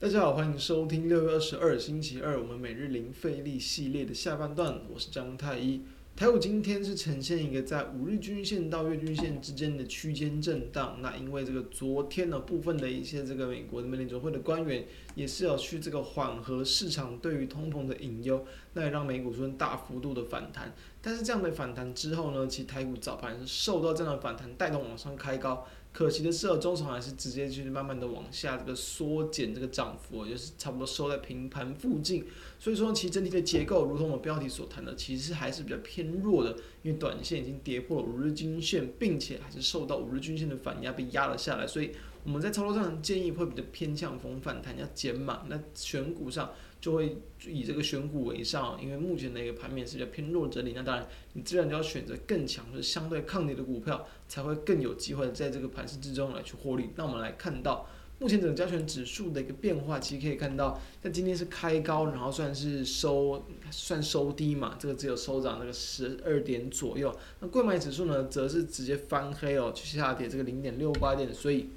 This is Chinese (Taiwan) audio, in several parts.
大家好，歡迎收聽六月二十二星期二，我們每日零費力系列的下半段。我是張太一。台股今天是呈現一個在五日均線到月均線之間的區間震盪。那因為這個昨天呢，部分的一些這個美國的美聯準會的官員也是要去這個緩和市場對於通膨的隱憂，那也讓美股出現大幅度的反彈。但是這樣的反彈之後呢，其實台股早盤是受到這樣的反彈帶動往上開高，可惜的是，中長還是直接就是慢慢的往下這個縮減這個漲幅，也就是差不多收在平盤附近。所以說，其實整體的結構，如同我標題所談的，其實還是比較偏弱的，因為短線已經跌破了五日均線，並且還是受到五日均線的反壓被壓了下來，所以。我們在操作上建議會比較偏向逢反彈，要減碼；那選股上就會以這個選股為上，因為目前的一個盤面是比較偏弱整理。那當然，你自然就要選擇更強、就是相對抗跌的股票，才會更有機會在這個盤勢之中來去獲利。那我們來看到目前整個加權指數的一個變化，其實可以看到，在今天是開高，然後算是收算收低嘛，這個只有收漲那個十二點左右。那櫃買指數呢，則是直接翻黑哦，去下跌這個零點六八點，所以。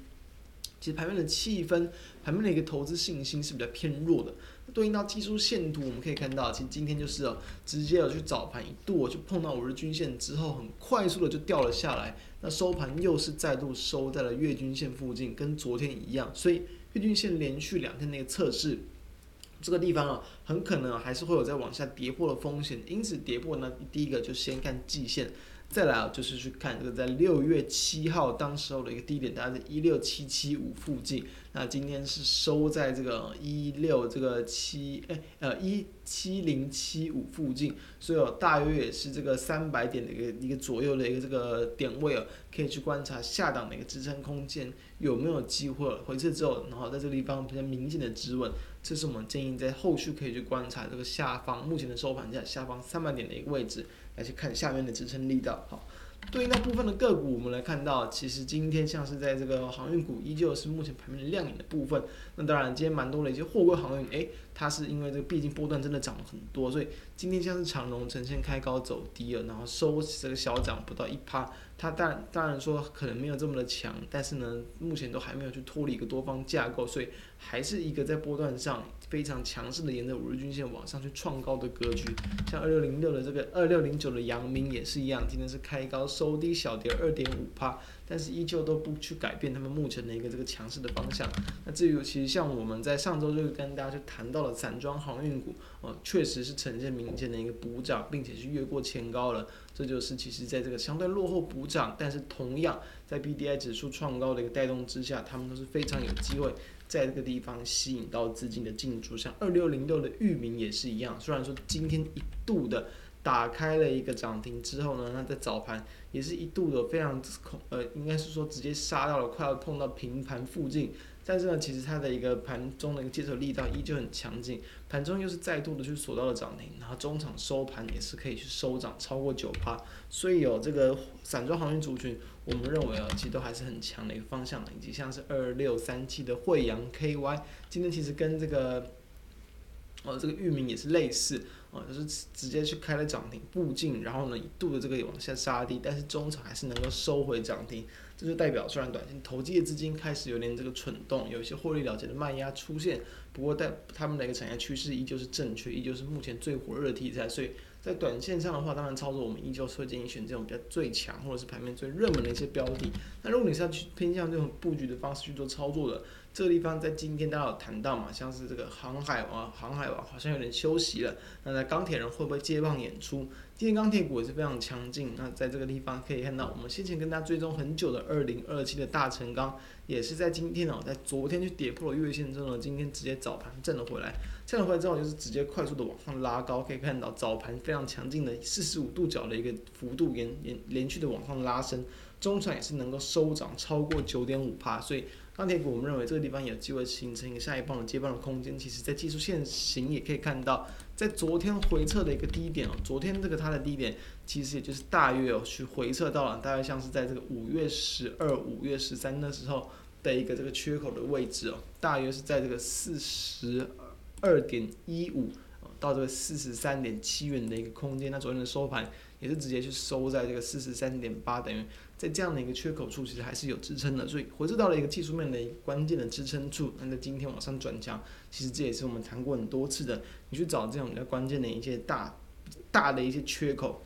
其實盤面的氣氛，盤面的一個投資信心是比較偏弱的。那對應到技術線圖，我們可以看到，其實今天就是啊，直接有去早盤一度，就碰到五日均線之後，很快速的就掉了下來。那收盤又是再度收在了月均線附近，跟昨天一樣。所以月均線連續兩天的一個測試，這個地方啊，很可能還是會有再往下跌破的風險。因此，跌破呢，第一個就先看季線。再來啊，就是去看這個在六月七號當時候的一個低點，大概是一六七七五附近。那今天是收在這個一六這個七，哎，呃一七零七五附近，所以大約也是這個三百點的一個一個左右的一個這個點位哦，可以去觀察下檔的一個支撐空間，有沒有機會回撤之後，然後在這個地方比較明顯的止穩。這是我們建議在後續可以去觀察這個下方目前的收盤價下方三百點的一個位置，來去看下面的支撐力道，好。對於那部分的個股，我們來看到，其實今天像是在這個航運股依舊是目前盤面的亮眼的部分。那當然，今天蠻多的一些貨櫃航運，哎，它是因為這個畢竟波段真的漲了很多，所以今天像是長榮呈現開高走低了，然後收這個小漲不到一趴。它當然當然說可能沒有這麼的強，但是呢，目前都還沒有去脫離一個多方架構，所以還是一個在波段上非常強勢的沿着五日均線往上去創高的格局。像二六零六的這個二六零九的陽明也是一樣，今天是開高。收低小跌二點五趴，但是依舊都不去改變他們目前的一個這個強勢的方向。那至於其實像我們在上周就跟大家去談到了，散裝航運股哦，確實是呈現明顯的一個補漲，並且是越過前高了。這就是其實在這個相對落後補漲，但是同樣在 B D I 指數創高的一個帶動之下，他們都是非常有機會在這個地方吸引到資金的進駐。像二六零六的裕民也是一樣，雖然說今天一度的。打開了一個漲停之後呢，那在早盤也是一度的非常呃，應該是說直接殺到了快要碰到平盤附近，但是呢，其實它的一個盤中的一個接受力道依舊很強勁，盤中又是再度的去鎖到了漲停，然後中場收盤也是可以去收漲超過九%，所以有、哦、這個散裝航運族群，我們認為啊、哦，其實都還是很強的一個方向，以及像是二六三七的慧洋 KY，今天其實跟這個，哦，這個域名也是類似。啊、嗯，就是直接去開了漲停步進，然後呢一度的這個往下殺低，但是中場還是能夠收回漲停，這就代表雖然短線投機的資金開始有點這個蠢動，有一些獲利了結的賣壓出現，不過在他們的一個產業趨勢依舊是正確，依舊是目前最火熱的的題材，所以在短線上的話，當然操作我們依舊是會建議選這種比較最強或者是盤面最熱門的一些標的。那如果你是要去偏向這種布局的方式去做操作的，這個地方在今天大家有談到嘛，像是這個航海王，啊，航海王、啊、好像有點休息了。那在鋼鐵人會不會接棒演出？今天鋼鐵股也是非常強勁。那在這個地方可以看到，我們先前跟大家追蹤很久的二零二七的大成鋼，也是在今天呢、啊，在昨天就跌破了月線之後呢，今天直接早盤震了回來。震了回來之後，就是直接快速的往上拉高，可以看到早盤非常強勁的四十五度角的一個幅度連連連續的往上拉升，中船也是能夠收漲超過九點五趴，所以。鋼鐵股，我們認為這個地方有機會形成一個下一棒的接棒的空間。其實，在技術線型也可以看到，在昨天回撤的一個低點哦，昨天這個它的低點其實也就是大約、哦、去回撤到了，大概像是在這個五月十二、五月十三的時候的一個這個缺口的位置哦，大約是在這個四十二點一五。到這個四十三點七元的一個空間，那昨天的收盤也是直接去收在這個四十三點八，等於在這樣的一個缺口處，其實還是有支撐的，所以回撤到了一個技術面的一個關鍵的支撐處，那在今天往上轉強，其實這也是我們談過很多次的，你去找這種比較關鍵的一些大大的一些缺口，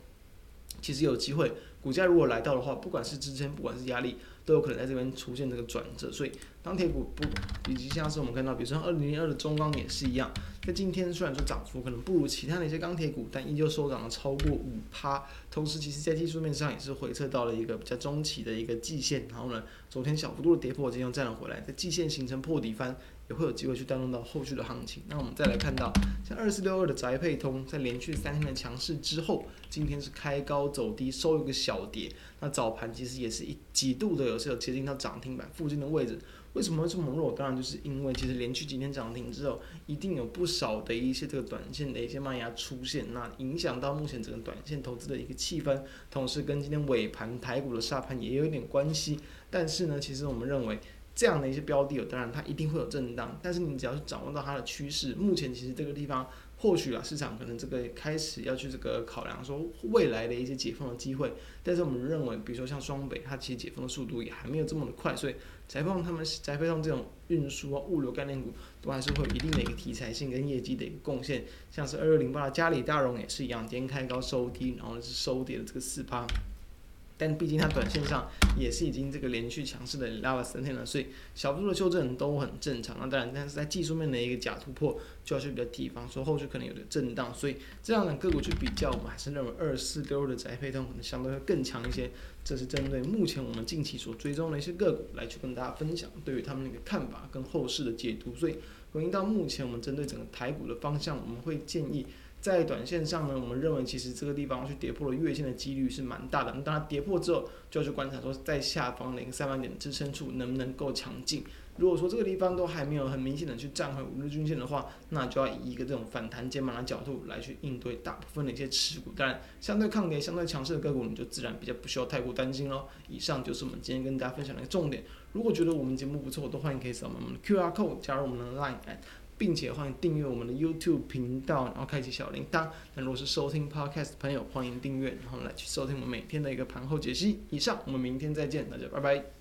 其實有機會，股價如果來到的話，不管是支撐，不管是壓力，都有可能在這邊出現這個轉折，所以。鋼鐵股部分，以及像是我們看到，比如說二零零二的中鋼也是一樣，在今天雖然說漲幅可能不如其他的一些鋼鐵股，但依舊收漲了超過五趴。同時，其實在技術面上也是回測到了一個比較中期的一個季線，然後呢，昨天小幅度的跌破，今天又站了回來，在季線形成破底翻，也會有機會去帶動到後續的行情。那我們再來看到，像二四六二的宅配通，在連續三天的強勢之後，今天是開高走低，收一個小跌。那早盤其實也是一幾度的，有時候接近到漲停板附近的位置。為什麼這麼弱？當然，就是因為其實連續幾天漲停之後，一定有不少的一些這個短線的一些賣壓出現，那影響到目前整個短線投資的一個氣氛，同時跟今天尾盤台股的殺盤也有點關係。但是呢，其實我們認為。這樣的一些標的，有當然它一定會有震盪，但是你只要是掌握到它的趨勢，目前其實這個地方或許啊，市場可能這個開始要去這個考量說未來的一些解封的機會，但是我們認為，比如說像雙北，它其實解封的速度也還沒有這麼的快，所以解封他們，解封這種運輸啊、物流概念股都還是會有一定的一個題材性跟業績的一個貢獻，像是二六零八的嘉里大榮也是一樣，今天開高收低，然後是收跌的這個四趴。但畢竟它短線上也是已經這個連續強勢的拉了三天了，所以小幅度的修正都很正常，啊。那當然，但是在技術面的一個假突破，就要去比較提防，說後續可能有點震盪。所以這樣的個股去比較，我們還是認為二四六的窄配它可能相對會更強一些。這是針對目前我們近期所追蹤的一些個股來去跟大家分享對於他們那個看法跟後市的解讀。所以，回應到目前我們針對整個台股的方向，我們會建議。在短線上呢，我們認為其實這個地方去跌破了月線的幾率是蠻大的。當它跌破之後，就要去觀察說在下方的一個三百點的支撐處能不能夠強勁。如果說這個地方都還沒有很明顯的去站回五日均線的話，那就要以一個這種反彈減碼的角度來去應對大部分的一些持股。當然，相對抗跌、相對強勢的個股，我們就自然比較不需要太過擔心咯。以上就是我們今天跟大家分享的一個重點。如果覺得我們節目不錯，都歡迎可以掃我們的 QR code 加入我們的 LINE 並且歡迎訂閱我們的 YouTube 頻道，然後開啟小鈴鐺。那如果是收聽 Podcast 的朋友，歡迎訂閱，然後來去收聽我們每天的一個盤後解析。以上，我們明天再見，大家拜拜。